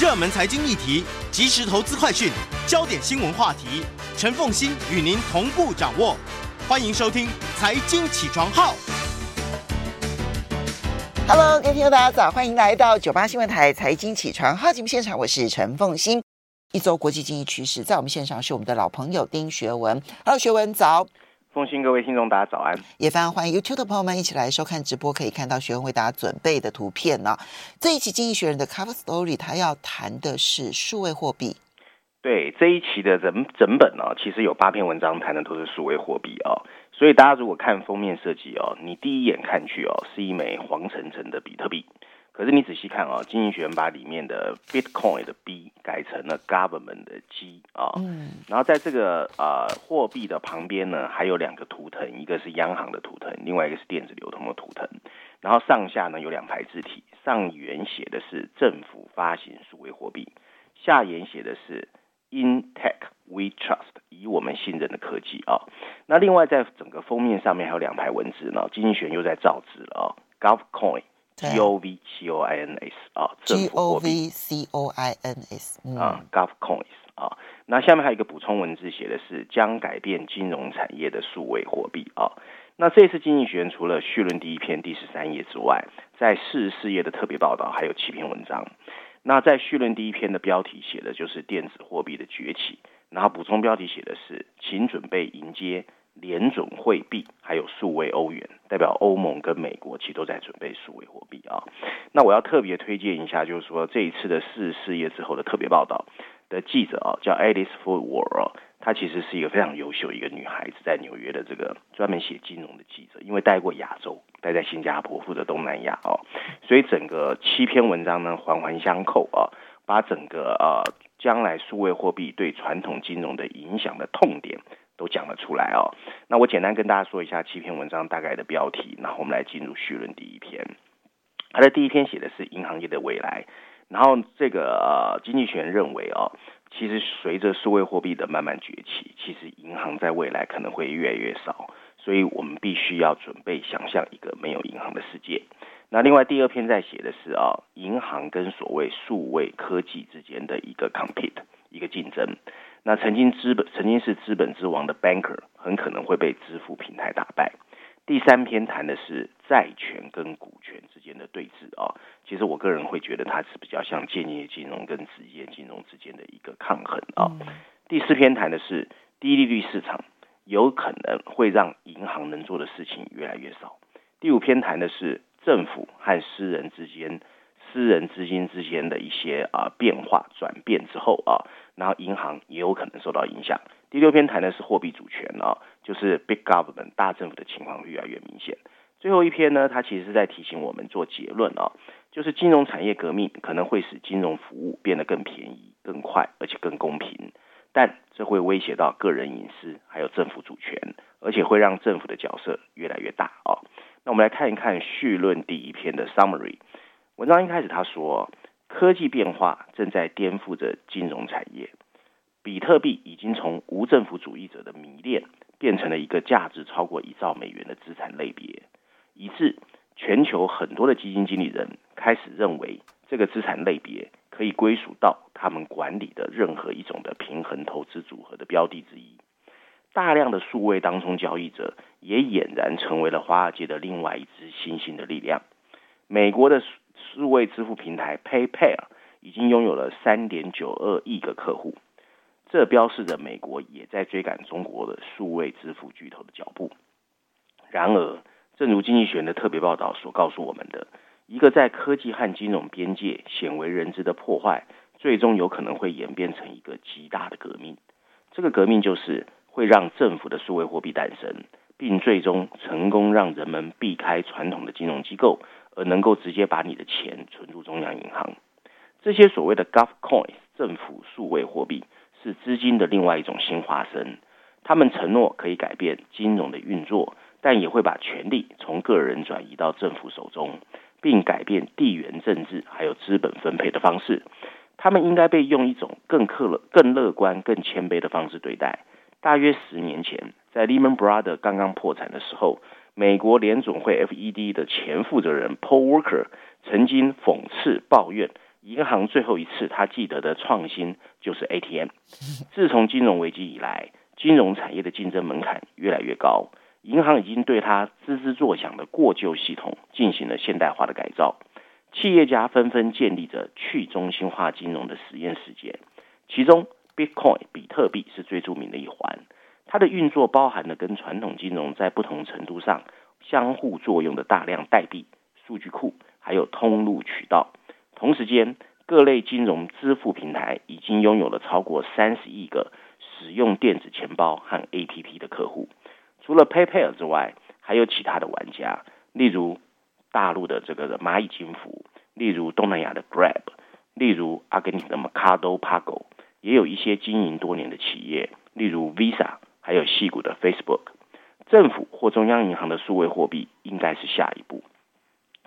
熱門財經議題、即時投資快訊、焦點新聞話題，陳鳳馨與您同步掌握。歡迎收聽《財經起床號》。Hello，各位朋友大家早，歡迎來到九八新聞台《財經起床號》節目現場，我是陳鳳馨。一周國際經濟趨勢，在我們現場是我們的老朋友丁學文。Hello，學文早。鳳馨，各位聽眾，大家早安！也非常歡迎 YouTube 的朋友們一起來收看直播，可以看到學文為大家準備的圖片呢。這一期經濟學人的 Cover Story，它要談的是數位貨幣。對，這一期的整整本呢、啊，其實有八篇文章談的都是數位貨幣啊。所以大家如果看封面設計哦，你第一眼看去哦、啊，是一枚黃澄澄的比特幣。可是你仔細看哦，經濟學人把裡面的 Bitcoin 的 B 改成了 Government 的 G 啊、哦，嗯、然後在這個呃貨幣的旁邊呢，還有兩個圖騰，一個是央行的圖騰，另外一個是電子流通的圖騰，然後上下呢有兩排字體，上沿寫的是政府發行數位貨幣，下沿寫的是 In Tech We Trust，以我們信任的科技啊、哦，那另外在整個封面上面還有兩排文字呢，經濟學人又在造字了啊，Gov Coin。G O V C O I N S 啊，政府貨幣。G O V C O I N S,、嗯、 啊，Gov Coins、嗯、啊。那下面還有一個補充文字，寫的是將改變金融產業的數位貨幣啊。那這次經濟學人除了序論第一篇第十三頁之外，在四十四頁的特別報道還有七篇文章。那在序論第一篇的標題寫的就是電子貨幣的崛起，然後補充標題寫的是請準備迎接。連準會幣還有數位歐元，代表歐盟跟美國其實都在準備數位貨幣啊。那我要特別推薦一下，就是說這一次的四十四頁之後的特別報道的記者啊，叫 Alice Fulwood 啊她其實是一個非常優秀一個女孩子，在紐約的這個專門寫金融的記者，因為待過亞洲，待在新加坡負責東南亞哦，所以整個七篇文章呢環環相扣啊，把整個啊將來數位貨幣對傳統金融的影響的痛點。都講得出來哦。那我簡單跟大家說一下七篇文章大概的標題，然後我們來進入序論。第一篇，他的第一篇寫的是銀行業的未來。然後這個、呃、經濟學人認為哦，其實隨着數位貨幣的慢慢崛起，其實銀行在未來可能會越來越少，所以我們必須要準備想象一個沒有銀行的世界。那另外第二篇在寫的是哦，銀行跟所謂數位科技之間的一個 compete，一個競爭。那曾經資本，曾經是資本之王的 banker，很可能會被支付平台打敗。第三篇談的是債權跟股權之間的對峙啊、哦，其實我個人會覺得它是比較像間接金融跟直接金融之間的一個抗衡啊、哦。嗯、第四篇談的是低利率市場有可能會讓銀行能做的事情越來越少。第五篇談的是政府和私人之間。私人資金之間的一些啊變化轉變之後啊，然後銀行也有可能受到影響。第六篇談的是貨幣主權啊，就是 big government 大政府的情況越來越明顯。最後一篇呢，它其實是在提醒我們做結論啊，就是金融產業革命可能會使金融服務變得更便宜、更快，而且更公平，但這會威脅到個人隱私，還有政府主權，而且會讓政府的角色越來越大啊。那我們來看一看序論第一篇的 summary。文章一開始，他說，科技變化正在顛覆着金融產業。比特幣已經從無政府主義者的迷戀變成了一個價值超過一兆美元的資產類別，以致全球很多的基金經理人開始認為，這個資產類別可以歸屬到他們管理的任何一種的平衡投資組合的標的之一。大量的數位當中交易者也儼然成為了華爾街的另外一支新興的力量。美國的數位支付平台 PayPal 已經擁有了三點九二億個客戶，這標示着美國也在追趕中國的數位支付巨頭的腳步。然而，正如《經濟學人》的特別報道所告訴我們的，一個在科技和金融邊界鮮為人知的破壞，最終有可能會演變成一個極大的革命。這個革命就是會讓政府的數位貨幣誕生，並最終成功讓人們避開傳統的金融機構。而能夠直接把你的錢存入中央銀行，這些所謂的 GovCoins，政府數位貨幣是資金的另外一種新化身。他們承諾可以改變金融的運作，但也會把權力從個人轉移到政府手中，並改變地緣政治還有資本分配的方式。他們應該被用一種更客樂、更樂觀、更謙卑的方式對待。大約十年前，在 Lehman Brothers 剛剛破產的時候，美國聯準會 （FED） 的前負責人 Paul Walker 曾經諷刺抱怨，銀行最後一次他記得的創新就是 ATM。自從金融危機以來，金融產業的競爭門檻越來越高，銀行已經對他滋滋作響的過舊系統進行了現代化的改造。企業家紛紛建立着去中心化金融的實驗世界，其中 Bitcoin（ 比特幣）是最著名的一環。它的運作包含了跟傳統金融在不同程度上相互作用的大量代幣數據庫，還有通路渠道。同時間，各類金融支付平台已經擁有了超過三十億個使用電子錢包和 APP 的客戶。除了 PayPal 之外，還有其他的玩家，例如大陸的這個螞蟻金服，例如東南亞的 Grab，例如阿根廷的 Mercado Pago，也有一些經營多年的企業，例如 Visa。還有矽谷的 Facebook。政府或中央銀行的數位貨幣應該是下一步，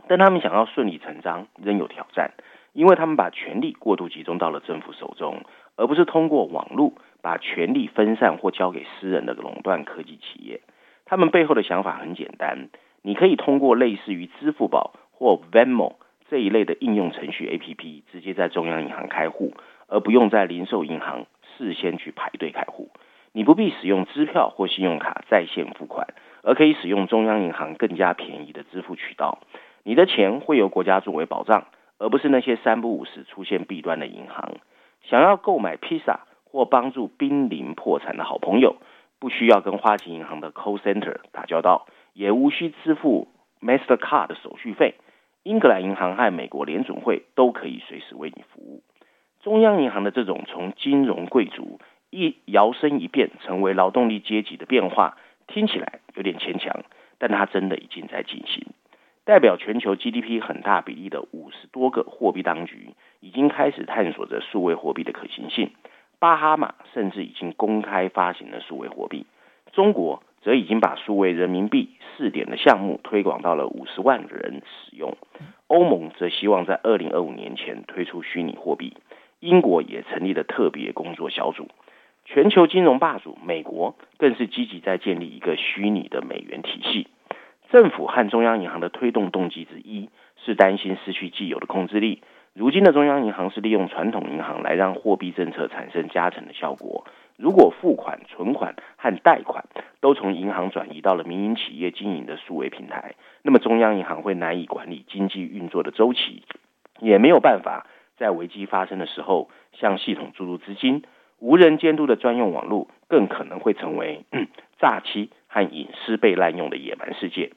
但他們想要順理成章仍有挑戰，因為他們把權力過度集中到了政府手中，而不是通過網絡把權力分散或交給私人的壟斷科技企業。他們背後的想法很簡單：你可以通過類似於支付寶或 Venmo 這一類的應用程序 APP，直接在中央銀行開戶，而不用在零售銀行事先去排隊開戶。你不必使用支票或信用卡在線付款，而可以使用中央銀行更加便宜的支付渠道。你的錢會由國家作為保障，而不是那些三不五時出現弊端的銀行。想要購買披薩或幫助瀕臨破產的好朋友，不需要跟花旗銀行的 call center 打交道，也無需支付 Mastercard 的手續費。英格蘭銀行和美國聯準會都可以隨時為你服務。中央銀行的這種從金融貴族。一搖身一變成為勞動力階級的變化，聽起來有點牽強，但它真的已經在進行。代表全球 GDP 很大比例的五十多個貨幣當局，已經開始探索着數位貨幣的可行性。巴哈馬甚至已經公開發行了數位貨幣，中國則已經把數位人民幣試點的項目推廣到了五十萬人使用。歐盟則希望在二零二五年前推出虛擬貨幣，英國也成立了特別工作小組。全球金融霸主美國更是積極在建立一個虛擬的美元體系。政府和中央銀行的推動動機之一是擔心失去既有的控制力。如今的中央銀行是利用傳統銀行來讓貨幣政策產生加成的效果。如果付款、存款和貸款都從銀行轉移到了民營企業經營的數位平台，那麼中央銀行會難以管理經濟運作的周期，也沒有辦法在危機發生的時候向系統注入資金。無人監督的專用網絡更可能會成為詐欺和隱私被濫用的野蠻世界。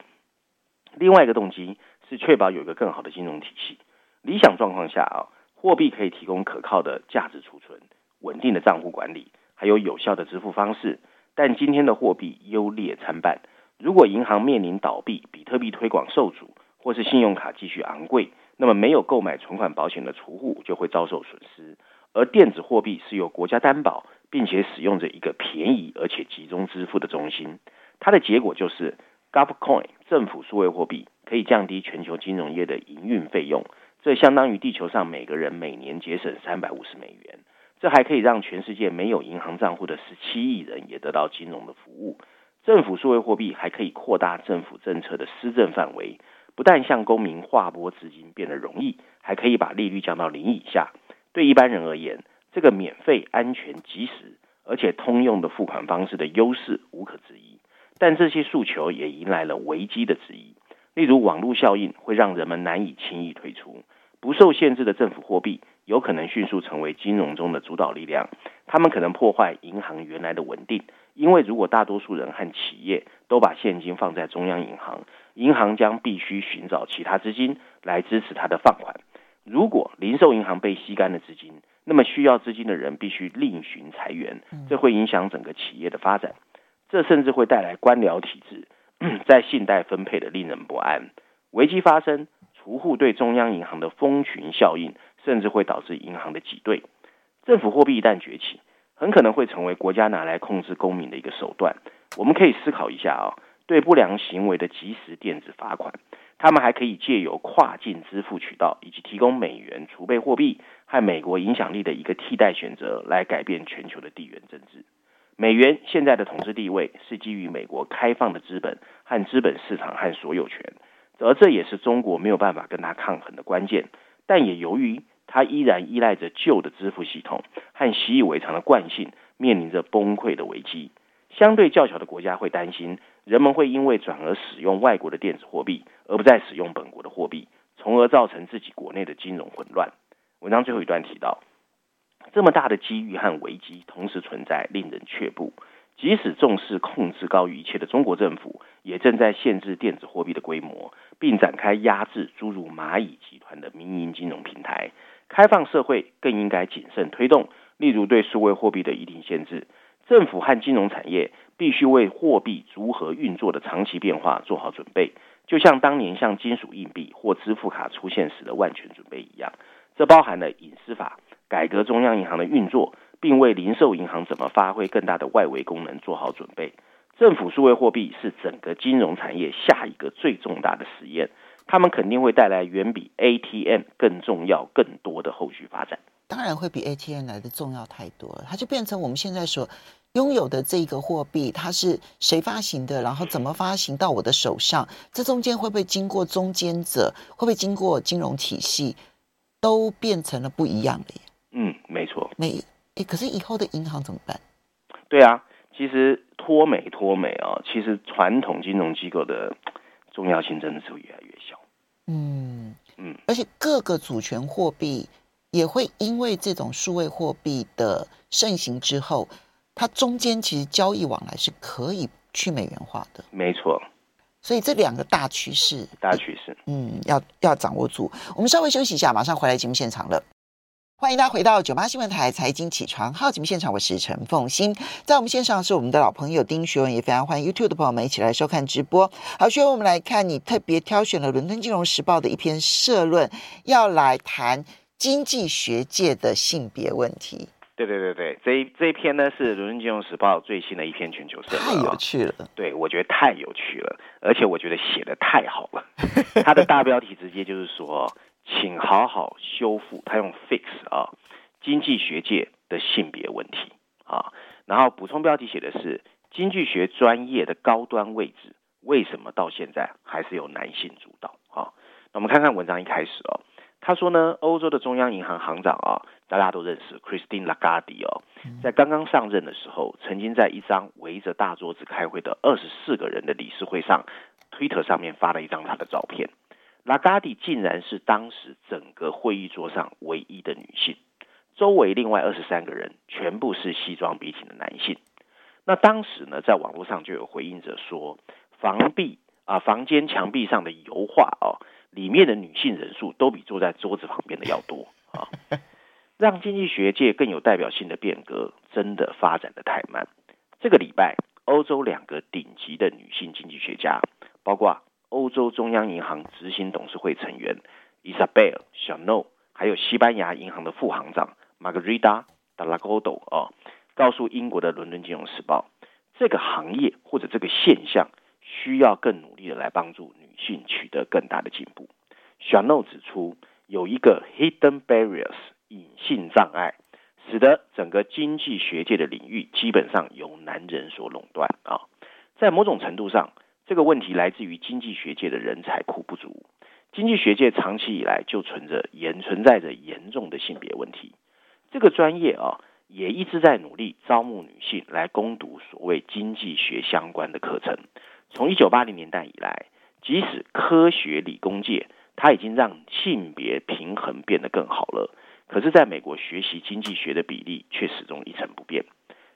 另外一個動機是確保有一個更好的金融體系。理想狀況下啊，貨幣可以提供可靠的價值儲存、穩定的賬戶管理，還有有效的支付方式。但今天的貨幣優劣參半。如果銀行面臨倒閉，比特幣推廣受阻，或是信用卡繼續昂貴，那麼沒有購買存款保險的儲戶就會遭受損失。而電子貨幣是由國家擔保，並且使用着一個便宜而且集中支付的中心。它的結果就是，GovCoin 政府數位貨幣可以降低全球金融業的營運費用，這相當於地球上每個人每年節省三百五十美元。這還可以讓全世界沒有銀行賬戶的十七億人也得到金融的服務。政府數位貨幣還可以擴大政府政策的施政範圍，不但向公民劃撥資金變得容易，還可以把利率降到零以下。對一般人而言，這個免費、安全、及時，而且通用的付款方式的優勢無可置疑。但這些訴求也迎來了危機的質疑。例如，網絡效應會讓人們難以輕易退出；不受限制的政府貨幣有可能迅速成為金融中的主導力量。他們可能破壞銀行原來的穩定，因為如果大多數人和企業都把現金放在中央銀行，銀行將必須尋找其他資金來支持它的放款。如果零售銀行被吸乾了資金，那麼需要資金的人必須另尋財源，這會影響整個企業的發展。這甚至會帶來官僚體制、嗯、在信貸分配的令人不安危機發生，儲戶對中央銀行的蜂群效應，甚至會導致銀行的擠兌。政府貨幣一旦崛起，很可能會成為國家拿來控制公民的一個手段。我們可以思考一下啊、哦，對不良行為的即時電子罰款。他們還可以借由跨境支付渠道，以及提供美元儲備貨幣和美國影響力的一個替代選擇，來改變全球的地緣政治。美元現在的統治地位是基於美國開放的資本和資本市場和所有權，而這也是中國沒有辦法跟它抗衡的關鍵。但也由於它依然依賴着舊的支付系統和習以為常的慣性，面臨着崩潰的危機。相對較小的國家會擔心，人們會因為轉而使用外國的電子貨幣，而不再使用本國的貨幣，從而造成自己國內的金融混亂。文章最後一段提到，這麼大的機遇和危機同時存在，令人卻步。即使重視控制高於一切的中國政府，也正在限制電子貨幣的規模，並展開壓制諸如螞蟻集團的民營金融平台。開放社會更應該謹慎推動，例如對數位貨幣的一定限制。政府和金融產業必須為貨幣如何運作的長期變化做好準備，就像當年像金屬硬幣或支付卡出現時的萬全準備一樣。這包含了隱私法改革、中央銀行的運作，並為零售銀行怎麼發揮更大的外圍功能做好準備。政府數位貨幣是整個金融產業下一個最重大的實驗，它們肯定會帶來遠比 ATM 更重要、更多的後續發展。當然會比 ATM 來的重要太多了，它就變成我們現在所擁有的這個貨幣，它是誰發行的，然後怎麼發行到我的手上？這中間會不會經過中間者？會不會經過金融體系？都變成了不一樣的。嗯，嗯，沒錯。沒誒、欸，可是以後的銀行怎麼辦？對啊，其實脫美脫美啊、哦，其實傳統金融機構的重要性真的是會越來越小。嗯嗯，而且各個主權貨幣。也會因為這種數位貨幣的盛行之後，它中間其實交易往來是可以去美元化的。沒錯，所以這兩個大趨勢，大趨勢，嗯，要要掌握住。我們稍微休息一下，馬上回來，節目現場了。歡迎大家回到九八新聞台財經起床號節目現場，我是陳鳳馨。在我們線上是我們的老朋友丁學文，也非常歡迎 YouTube 的朋友們一起來收看直播。好，學文，我們來看，你特別挑選了《倫敦金融時報》的一篇社論，要來談。經濟學界的性別問題，對對對對，這一這一篇呢是《倫敦金融時報》最新的一篇全球社，太有趣了、哦。對，我覺得太有趣了，而且我覺得寫得太好了。它的大標題直接就是說， 請好好修復，它用 fix 啊、哦，經濟學界的性別問題啊、哦。然後補充標題寫的是經濟學專業的高端位置為什麼到現在還是由男性主導啊、哦？那我們看看文章一開始哦。他說呢，歐洲的中央銀行行長啊，大家都認識 Christine Lagarde 哦，在剛剛上任的時候，曾經在一張圍着大桌子開會的二十四個人的理事會上，Twitter 上面發了一張他的照片。Lagarde 竟然是當時整個會議桌上唯一的女性，周圍另外二十三個人全部是西裝筆挺的男性。那當時呢，在網絡上就有回應着說，房壁啊，房間牆壁上的油畫哦。裡面的女性人數都比坐在桌子旁邊的要多啊！讓經濟學界更有代表性的變革真的發展得太慢。這個禮拜，歐洲兩個頂級的女性經濟學家，包括歐洲中央銀行執行董事會成員 Isabel Schnabel，還有西班牙銀行的副行長 Margarita Delgado 啊，告訴英國的《倫敦金融時報》，這個行業或者這個現象需要更努力的來幫助。性取得更大的進步。Shawno 指出，有一個 hidden barriers 隱性障礙，使得整個經濟學界的領域基本上由男人所壟斷啊。在某種程度上，這個問題來自於經濟學界的人才庫不足。經濟學界長期以來就存着嚴存在着嚴重的性別問題。這個專業啊，也一直在努力招募女性來攻讀所謂經濟學相關的課程。從一九八零年代以來。即使科學理工界，它已經讓性別平衡變得更好了，可是，在美國學習經濟學的比例卻始終一成不變。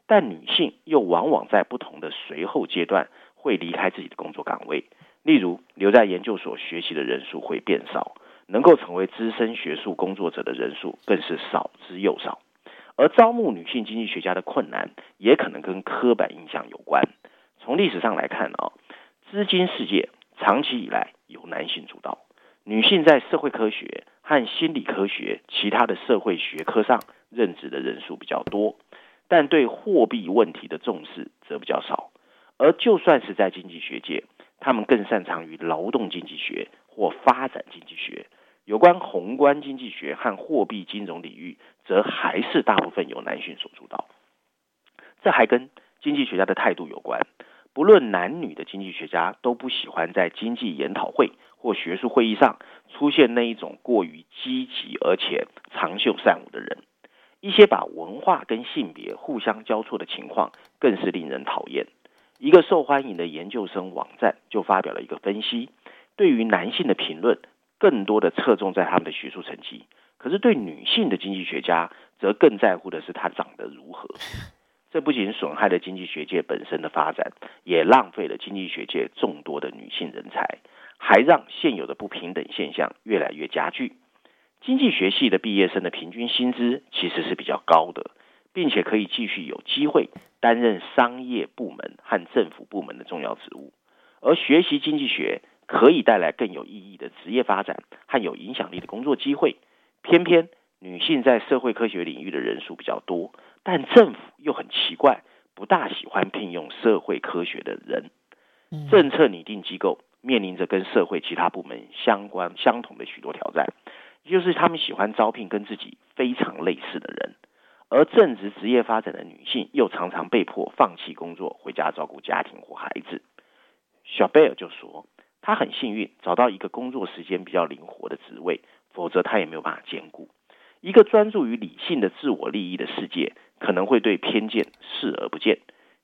但女性又往往在不同的隨後階段會離開自己的工作崗位，例如留在研究所學習的人數會變少，能夠成為資深學術工作者的人數更是少之又少。而招募女性經濟學家的困難也可能跟刻板印象有關。從歷史上來看啊，哦，資金世界。長期以來由男性主導，女性在社會科學和心理科學、其他的社會學科上任職的人數比較多，但對貨幣問題的重視則比較少。而就算是在經濟學界，他們更擅長於勞動經濟學或發展經濟學，有關宏觀經濟學和貨幣金融領域，則還是大部分由男性所主導。這還跟經濟學家的態度有關。不論男女的經濟學家都不喜歡在經濟研討會或學術會議上出現那一種過於積極而且長袖善舞的人。一些把文化跟性別互相交錯的情況更是令人討厭。一個受歡迎的研究生網站就發表了一個分析，對於男性的評論更多的側重在他們的學術成績，可是對女性的經濟學家則更在乎的是她長得如何。這不僅損害了經濟學界本身的發展，也浪費了經濟學界眾多的女性人才，還讓現有的不平等現象越來越加劇。經濟學系的畢業生的平均薪資其實是比較高的，並且可以繼續有機會擔任商業部門和政府部門的重要職務。而學習經濟學可以帶來更有意義的職業發展和有影響力的工作機會，偏偏女性在社會科學領域的人數比較多。但政府又很奇怪，不大喜歡聘用社會科學的人。政策擬定機構面臨着跟社會其他部門相關相同的許多挑戰，也就是他們喜歡招聘跟自己非常類似的人，而正值職，職業發展的女性又常常被迫放棄工作，回家照顧家庭或孩子。小貝爾就說：“她很幸運找到一個工作時間比較靈活的職位，否則她也沒有辦法兼顧一個專注於理性的自我利益的世界。”可能會對偏見視而不見。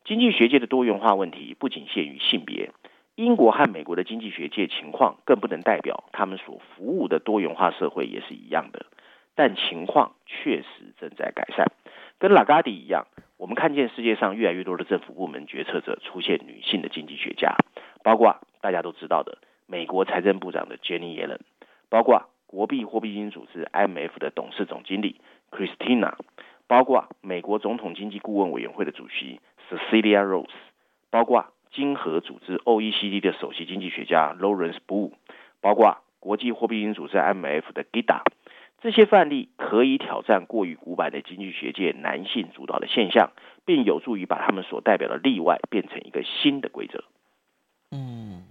經濟學界的多元化問題不僅限於性別，英國和美國的經濟學界情況更不能代表他們所服務的多元化社會也是一樣的。但情況確實正在改善。跟拉加迪一樣，我們看見世界上越來越多的政府部門決策者出現女性的經濟學家，包括大家都知道的美國財政部長的珍妮·耶倫，包括國際貨幣基金組織 IMF 的董事總經理 Christina。包括美國總統經濟顧問委員會的主席 Cecilia Rose，包括經合組織 OECD 的首席經濟學家 Lawrence Boo，包括國際貨幣基金組織 IMF 的 Gita，這些範例可以挑戰過於古板的經濟學界男性主導的現象，並有助於把他們所代表的例外變成一個新的規則。嗯，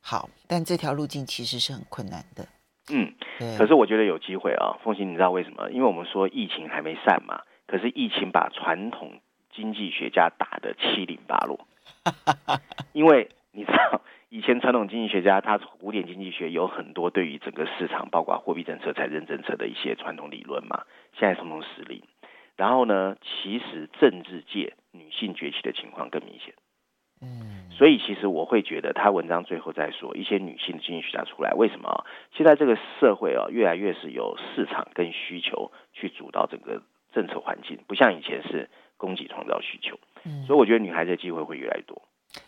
好，但這條路徑其實是很困難的。嗯，嗯，可是我覺得有機會啊、哦，鳳馨，你知道為什麼？因為我們說疫情還沒散嘛，可是疫情把傳統經濟學家打得七零八落， 因為你知道，以前傳統經濟學家他古典經濟學有很多對於整個市場，包括貨幣政策、財政政策的一些傳統理論嘛，現在統統失靈。然後呢，其實政治界女性崛起的情況更明顯。嗯。所以其實我會覺得，他文章最後在說一些女性的經濟學家出來，為什麼現在這個社會啊，越來越是由市場跟需求去主導整個政策環境，不像以前是供給創造需求。嗯，所以我覺得女孩子的機會會越來越多。嗯。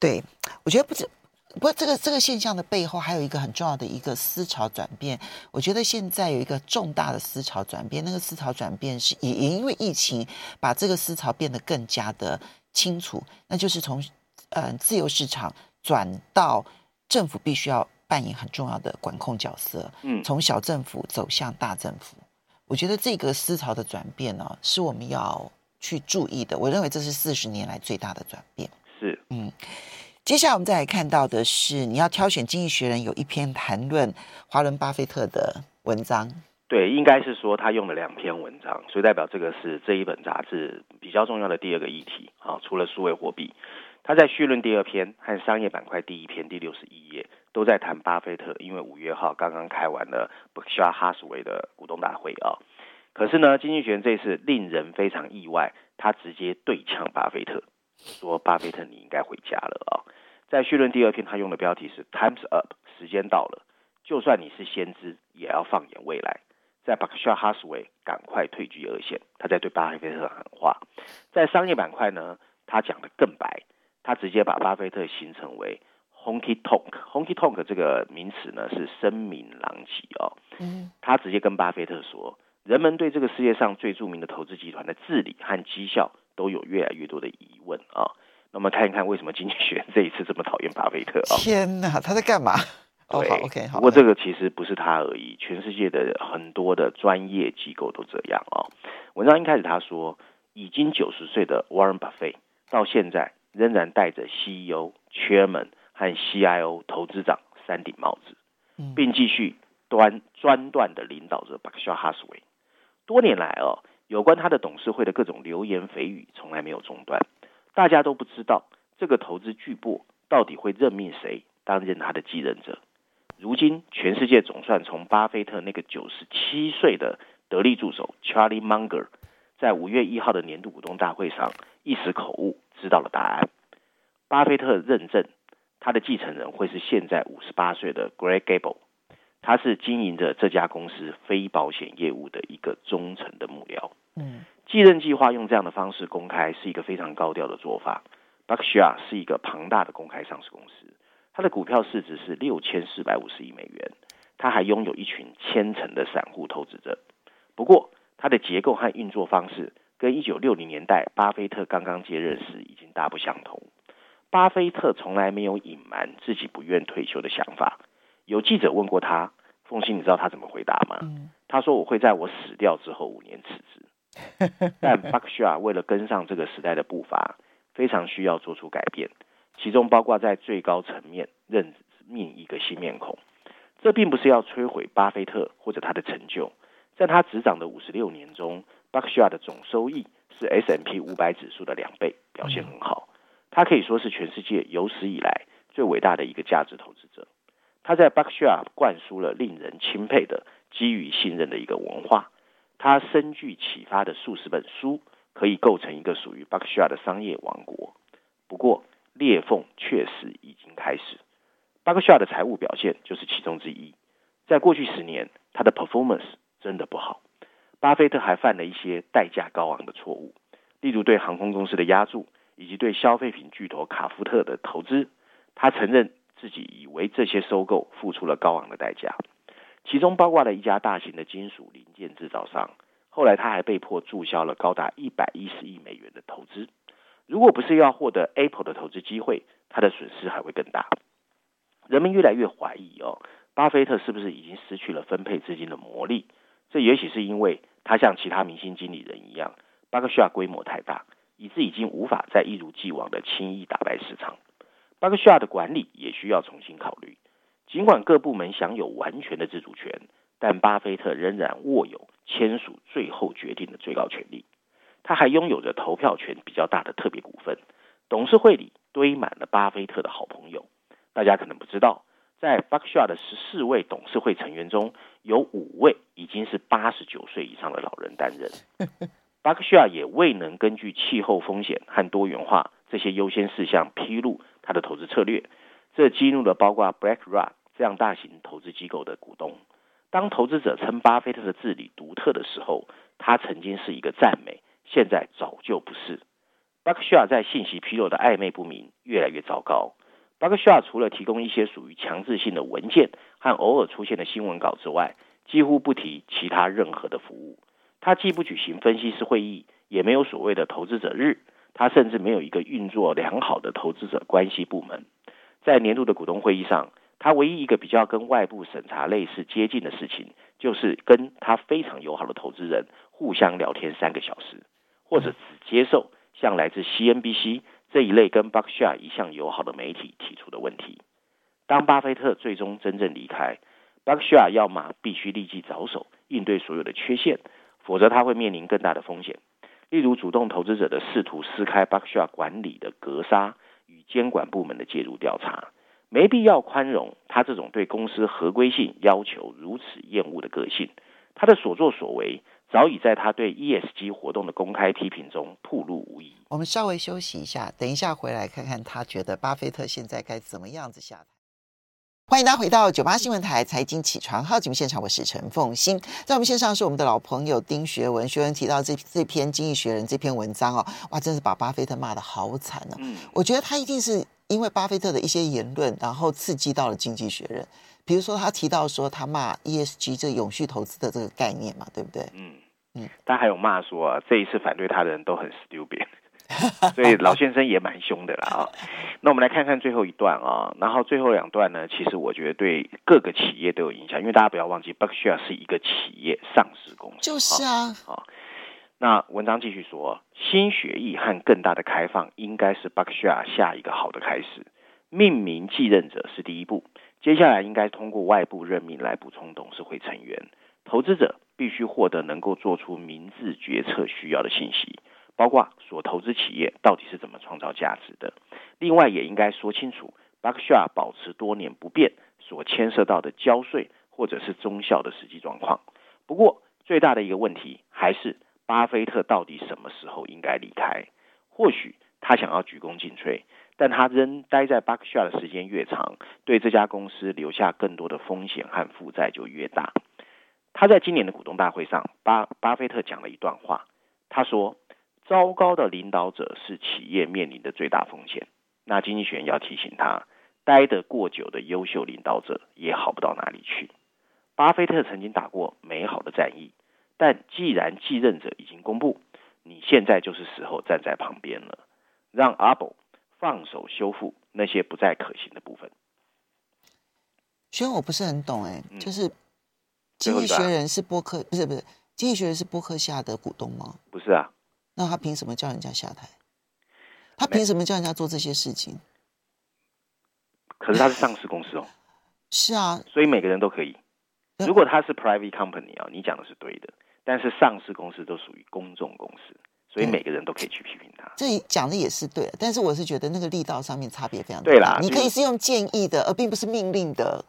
對，我覺得不止，不過這個這個現象的背後，還有一個很重要的一個思潮轉變。我覺得現在有一個重大的思潮轉變，那個思潮轉變是也也因為疫情，把這個思潮變得更加的清楚，那就是從嗯，自由市場轉到政府必須要扮演很重要的管控角色。嗯，從小政府走向大政府，我覺得這個思潮的轉變呢、哦，是我們要去注意的。我認為這是四十年來最大的轉變。是，嗯，接下來我們再來看到的是，你要挑選《經濟學人》有一篇談論華倫巴菲特的文章。對，應該是說他用了兩篇文章，所以代表這個是這一本雜誌比較重要的第二個議題啊、哦，除了數位貨幣。他在序論第二篇和商業板塊第一篇第六十一頁都在談巴菲特，因為五月號剛剛開完了 Berkshire Hathaway 的股東大會啊、哦。可是呢，經濟學人這次令人非常意外，他直接對嗆巴菲特，說：“巴菲特，你應該回家了啊、哦！”在序論第二篇，他用的標題是 “Time's up”，時間到了，就算你是先知，也要放眼未來，在 Berkshire Hathaway 趕快退居二線。他在對巴菲特喊話。在商業板塊呢，他講得更白。他直接把巴菲特形成為 Honky Tonk，Honky Tonk 這個名詞呢是聲名狼藉哦。嗯，他直接跟巴菲特說：“人們對這個世界上最著名的投資集團的治理和績效都有越來越多的疑問啊、哦。”那麼看一看為什麼經濟學這一次這麼討厭巴菲特、哦？天哪，他在幹嘛？OK，OK 不過這個其實不是他而已，全世界的很多的專業機構都這樣哦。文章一開始他說：“已經九十歲的 Warren Buffett 到現在。”仍然戴着 CEO、Chairman 和 CIO 投資長三頂帽子，並繼續端專斷的領導者波克夏哈薩威。多年來哦，有關他的董事會的各種流言蜚語從來沒有中斷。大家都不知道這個投資巨擘到底會任命誰擔任他的繼任者。如今，全世界總算從巴菲特那個九十七歲的得力助手 Charlie Munger 在五月一號的年度股東大會上一時口誤。知道了答案，巴菲特認證他的繼承人會是現在五十八歲的 Greg Gable，他是經營着這家公司非保險業務的一個忠誠的幕僚。嗯，繼任計劃用這樣的方式公開是一個非常高調的做法。Berkshire 是一個龐大的公開上市公司，它的股票市值是六千四百五十億美元，它還擁有一群虔誠的散戶投資者。不過，它的結構和運作方式，跟一九六零年代巴菲特剛剛接任時已經大不相同。巴菲特從來沒有隱瞞自己不願退休的想法。有記者問過他：“鳳心，你知道他怎麼回答嗎？”嗯、他說：“我會在我死掉之後五年辭職。” 但巴克· r 為了跟上這個時代的步伐，非常需要做出改變，其中包括在最高層面任命一個新面孔。這並不是要摧毀巴菲特或者他的成就，在他執掌的五十六年中。巴菲特的總收益是 S&P 500指數的兩倍，表現很好。他可以說是全世界有史以來最偉大的一個價值投資者。他在波克夏灌輸了令人欽佩的基於信任的一個文化。他深具啟發的數十本書可以構成一個屬於波克夏的商業王國。不過，裂縫確實已經開始。波克夏的財務表現就是其中之一。在過去十年，他的 performance 真的不好。巴菲特還犯了一些代價高昂的錯誤，例如對航空公司的押注，以及對消費品巨頭卡夫特的投資。他承認自己以為這些收購付出了高昂的代價，其中包括了一家大型的金屬零件制造商。後來他還被迫注銷了高達一百一十億美元的投資。如果不是要獲得 Apple 的投資機會，他的損失還會更大。人們越來越懷疑哦，巴菲特是不是已經失去了分配資金的魔力？這也許是因為。他像其他明星經理人一樣，波克夏規模太大，以致已經無法再一如既往的輕易打敗市場。波克夏的管理也需要重新考慮。儘管各部門享有完全的自主權，但巴菲特仍然握有簽署最後決定的最高權力。他還擁有着投票權比較大的特別股份。董事會裡堆滿了巴菲特的好朋友。大家可能不知道，在波克夏的十四位董事會成員中。有五位已經是八十九歲以上的老人擔任。巴克希爾也未能根據氣候風險和多元化這些優先事項披露他的投資策略，這激怒了包括 BlackRock 這樣大型投資機構的股東。當投資者稱巴菲特的治理獨特的時候，他曾經是一個讚美，現在早就不是。巴克希爾在信息披露的曖昧不明越來越糟糕。巴克夏除了提供一些屬於強制性的文件和偶爾出現的新聞稿之外，幾乎不提其他任何的服務。他既不舉行分析師會議，也沒有所謂的投資者日，他甚至沒有一個運作良好的投資者關係部門。在年度的股東會議上，他唯一一個比較跟外部審查類似接近的事情，就是跟他非常友好的投資人互相聊天三個小時，或者只接受像來自 CNBC，這一類跟巴克 r 一向友好的媒體提出的問題。當巴菲特最終真正離開巴克 r 要麼必須立即着手應對所有的缺陷，否則他會面臨更大的風險，例如主動投資者的試圖撕開巴克 r 管理的格殺與監管部門的介入調查。沒必要寬容他這種對公司合規性要求如此厭惡的個性，他的所作所為。早已在他對 ESG 活動的公開批評中暴露無遺。我們稍微休息一下，等一下回來看看他覺得巴菲特現在該怎麼樣子下台。歡迎他回到九八新聞台財經起床號節目現場，我是陳鳳馨。在我們線上是我們的老朋友丁學文。學文提到這篇這篇《經濟學人》這篇文章哦、喔，哇，真是把巴菲特罵得好慘哦。我覺得他一定是因為巴菲特的一些言論，然後刺激到了《經濟學人》。比如說他提到說他罵 ESG 這永續投資的這個概念嘛，對不對？嗯。他還有罵說啊，這一次反對他的人都很 stupid， 所以老先生也蠻兇的了啊。 那我們來看看最後一段啊，然後最後兩段呢，其實我覺得對各個企業都有影響，因為大家不要忘記 Berkshire 是一個企業上市公司，就是啊，好、啊啊。那文章繼續說，新學藝和更大的開放應該是 Berkshire 下一個好的開始。命名繼任者是第一步，接下來應該通過外部任命來補充董事會成員。投資者必須獲得能夠做出明智決策需要的信息，包括所投資企業到底是怎麼創造價值的。另外，也應該說清楚 Berkshire 保持多年不變所牽涉到的交稅或者是中校的實際狀況。不過，最大的一個問題還是巴菲特到底什麼時候應該離開？或許他想要鞠躬盡瘁，但他仍待在 Berkshire 的時間越長，對這家公司留下更多的風險和負債就越大。他在今年的股東大會上，巴巴菲特講了一段話。他說：“糟糕的領導者是企業面臨的最大風險。”那經濟學人要提醒他，待得過久的優秀領導者也好不到哪裡去。巴菲特曾經打過美好的戰役，但既然繼任者已經公布，你現在就是時候站在旁邊了，讓阿寶放手修復那些不再可行的部分。其實我不是很懂、欸，就是。嗯經濟學人是波克，不是不是，經濟學人是波克下的股東嗎？不是啊，那他憑什麼叫人家下台？他憑什麼叫人家做這些事情？可是他是上市公司哦。 是啊，所以每個人都可以。如果他是 private company 啊、哦，你講的是對的。但是上市公司都屬於公眾公司，所以每個人都可以去批評他。嗯、這講的也是對，的，但是我是覺得那個力道上面差別非常大。對啦，你可以是用建議的，而並不是命令的。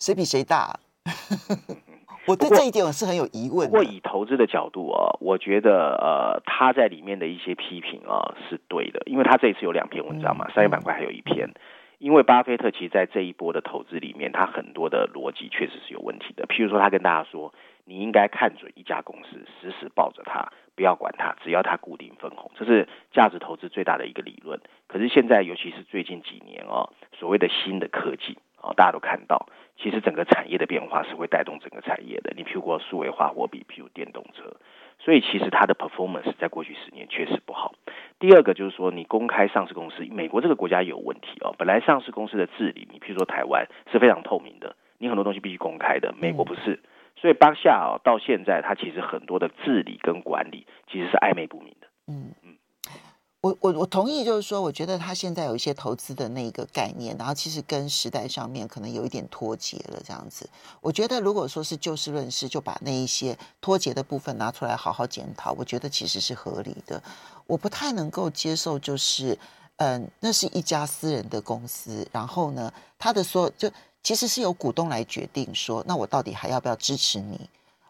誰比誰大？ 我對這一點我是很有疑問不，不過以投資的角度啊、哦，我覺得呃他在裡面的一些批評啊、哦、是對的，因為他這一次有兩篇文章嘛，商業板塊還有一篇。因為巴菲特其實，在這一波的投資裡面，他很多的邏輯確實是有問題的。譬如說，他跟大家說，你應該看準一家公司，死死抱着它，不要管它，只要它固定分紅，這是價值投資最大的一個理論。可是現在，尤其是最近幾年啊、哦，所謂的新的科技啊、哦，大家都看到。其實整個產業的變化是會帶動整個產業的。你譬如說數位化貨幣，譬如電動車，所以其實它的 performance 在過去十年確實不好。第二個就是說，你公開上市公司，美國這個國家有問題哦。本來上市公司的治理，你譬如說台灣是非常透明的，你很多東西必須公開的，美國不是。所以巴夏哦，到現在它其實很多的治理跟管理其實是曖昧不明的。嗯嗯。我我我同意，就是說，我覺得他現在有一些投資的那個概念，然後其實跟時代上面可能有一點脫節了，這樣子。我覺得如果說是就事論事，就把那一些脫節的部分拿出來好好檢討，我覺得其實是合理的。我不太能夠接受，就是嗯、呃，那是一家私人的公司，然後呢，他的說就其實是由股東來決定，說那我到底還要不要支持你，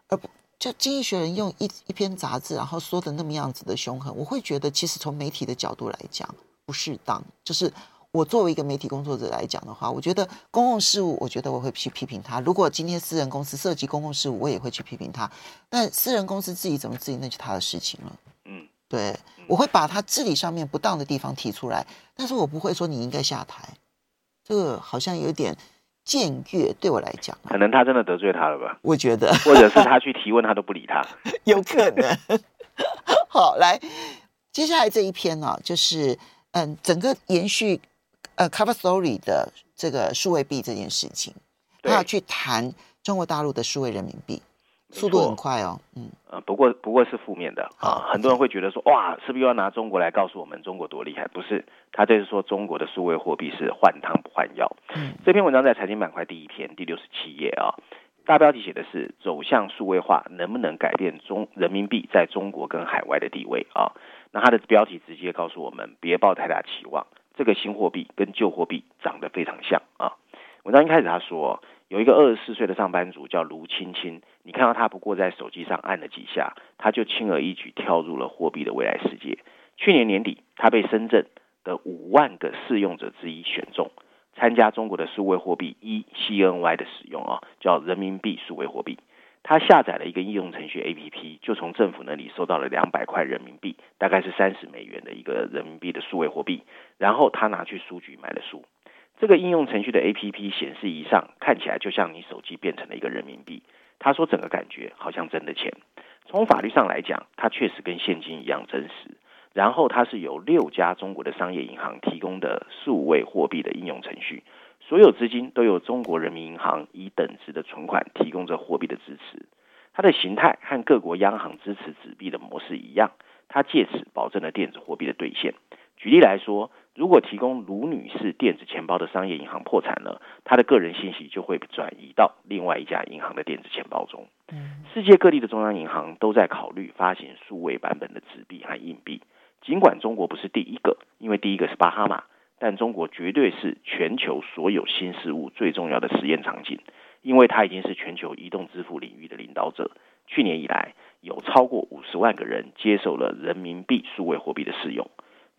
而不。就《經濟學人》用一一篇雜誌，然後說的那麼樣子的凶狠，我會覺得其實從媒體的角度來講不適當。就是我作為一個媒體工作者來講的話，我覺得公共事務，我覺得我會去批評他。如果今天私人公司涉及公共事務，我也會去批評他。但私人公司自己怎麼自己，那就是他的事情了。嗯，對，我會把他治理上面不當的地方提出來，但是我不會說你應該下台。這個好像有點。僭越。對我來講，啊，可能他真的得罪他了吧？我覺得，或者是他去提問，他都不理他， 有可能。 好，來，接下來這一篇啊就是，嗯，整個延續呃，Cover Story 的這個數位幣這件事情，對他要去談中國大陸的數位人民幣。速度很快哦，嗯，呃、不過不過是負面的啊，好很多人會覺得說，okay 哇，是不是又要拿中國來告訴我們中國多厲害？不是，他這是說中國的數位貨幣是換湯不換藥。嗯、這篇文章在財經板塊第一天第六十七頁啊，大標題寫的是“走向數位化，能不能改變中人民幣在中國跟海外的地位啊？”那它的標題直接告訴我們，別抱太大期望，這個新貨幣跟舊貨幣長得非常像啊。文章一開始他說，有一個二十四歲的上班族叫盧青青，你看到他不過在手機上按了幾下，他就輕而易舉跳入了貨幣的未來世界。去年年底，他被深圳的五萬個試用者之一選中，參加中國的數位貨幣 eCNY 的使用啊，叫人民幣數位貨幣。他下載了一個應用程序 APP，就從政府那裡收到了兩百塊人民幣，大概是三十美元的一個人民幣的數位貨幣。然後他拿去書局買了書。這個應用程序的 APP 顯示，以上看起來就像你手機變成了一個人民幣。他說，整個感覺好像真的錢。從法律上來講，它確實跟現金一樣真實。然後，它是由六家中國的商業銀行提供的數位貨幣的應用程序，所有資金都由中國人民銀行以等值的存款提供着貨幣的支持。它的形態和各國央行支持紙幣的模式一樣，它借此保證了電子貨幣的兌現。舉例來說。如果提供盧女士電子錢包的商業銀行破產了，她的個人信息，就會轉移到另外一家銀行的電子錢包中。世界各地的中央銀行都在考慮發行數位版本的紙幣和硬幣。儘管中國不是第一個，因為第一個是巴哈馬，但中國絕對是全球所有新事物最重要的實驗場景，因為它已經是全球移動支付領域的領導者。去年以來，有超過五十萬個人接受了人民幣數位貨幣的試用。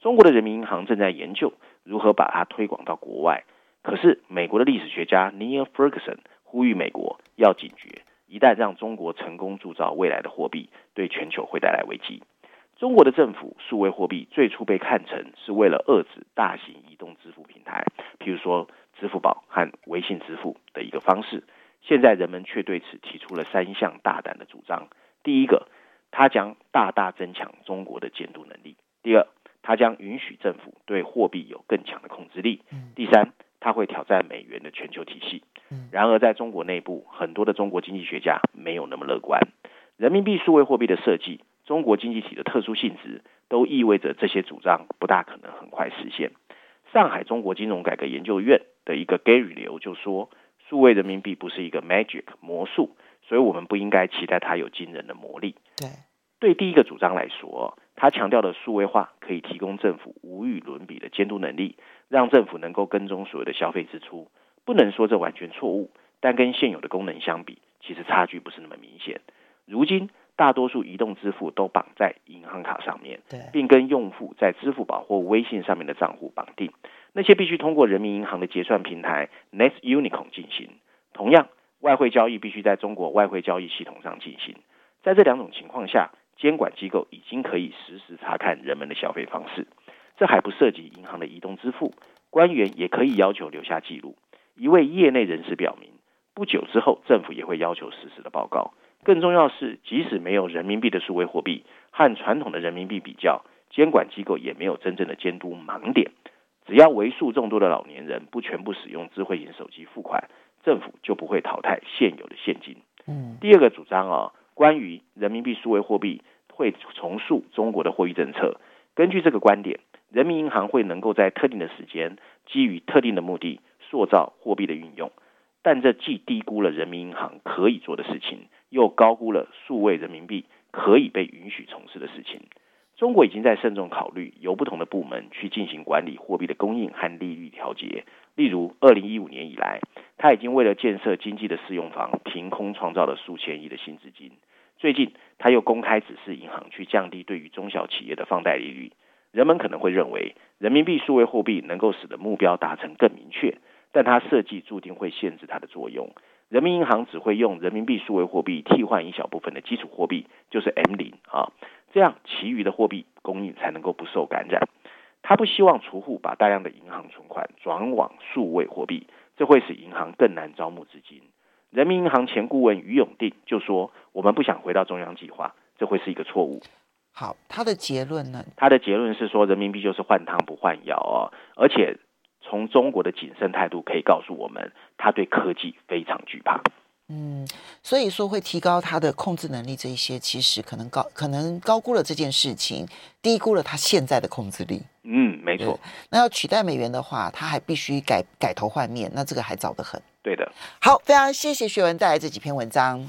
中國的人民銀行正在研究如何把它推廣到國外。可是，美國的歷史學家 Niall Ferguson 呼籲美國要警覺：一旦讓中國成功鑄造未來的貨幣，對全球會帶來危機。中國的政府數位貨幣最初被看成是為了遏制大型移動支付平台，譬如說支付寶和微信支付的一個方式。現在，人們卻對此提出了三項大膽的主張：第一個，它將大大增強中國的監督能力；第二，它將允許政府對貨幣有更強的控制力。嗯。第三，它會挑戰美元的全球體系。嗯。然而，在中國內部，很多的中國經濟學家沒有那麼樂觀。人民幣數位貨幣的設計、中國經濟體的特殊性質，都意味着這些主張不大可能很快實現。上海中國金融改革研究院的一個 Gary Liu 就說：“數位人民幣不是一個 magic 魔術，所以我們不應該期待它有驚人的魔力。”對對，對第一個主張來說。他強調的數位化可以提供政府無與倫比的監督能力，讓政府能夠跟蹤所有的消費支出。不能說這完全錯誤，但跟現有的功能相比，其實差距不是那麼明顯。如今，大多數移動支付都綁在銀行卡上面，並跟用戶在支付寶或微信上面的賬戶綁定。那些必須通過人民銀行的結算平台 NetsUnion 進行。同樣，外匯交易必須在中國外匯交易系統上進行。在這兩種情況下。監管機構已經可以實時查看人們的消費方式，這還不涉及銀行的移動支付。官員也可以要求留下記錄。一位業內人士表明，不久之後政府也會要求實時的報告。更重要的是，即使沒有人民幣的數位貨幣，和傳統的人民幣比較，監管機構也沒有真正的監督盲點。只要為數眾多的老年人不全部使用智慧型手機付款，政府就不會淘汰現有的現金。嗯，第二個主張啊，哦。關於人民幣數位貨幣會重塑中國的貨幣政策。根據這個觀點，人民銀行會能夠在特定的時間，基於特定的目的，塑造貨幣的運用。但這既低估了人民銀行可以做的事情，又高估了數位人民幣可以被允許從事的事情。中國已經在慎重考慮由不同的部門去進行管理貨幣的供應和利率調節，例如二零一五年以來。他已經為了建設經濟的適用房，憑空創造了數千億的新資金。最近，他又公開指示銀行去降低對於中小企業的放貸利率。人們可能會認為，人民幣數位貨幣能夠使得目標達成更明確，但它設計注定會限制它的作用。人民銀行只會用人民幣數位貨幣替換一小部分的基礎貨幣，就是 M 零啊，這樣其餘的貨幣供應才能夠不受感染。他不希望儲戶把大量的銀行存款轉往數位貨幣。這會使銀行更難招募資金。人民銀行前顧問余永定就說：“我們不想回到中央計劃，這會是一個錯誤。”好，他的結論呢？他的結論是說，人民幣就是換湯不換藥啊、哦，而且從中國的謹慎態度可以告訴我們，他對科技非常懼怕。嗯，所以說，會提高他的控制能力，這一些其實可能高，可能高估了這件事情，低估了他現在的控制力。嗯，沒錯。那要取代美元的話，他還必須改，改頭換面，那這個還早得很。對的。好，非常謝謝學文帶來這幾篇文章。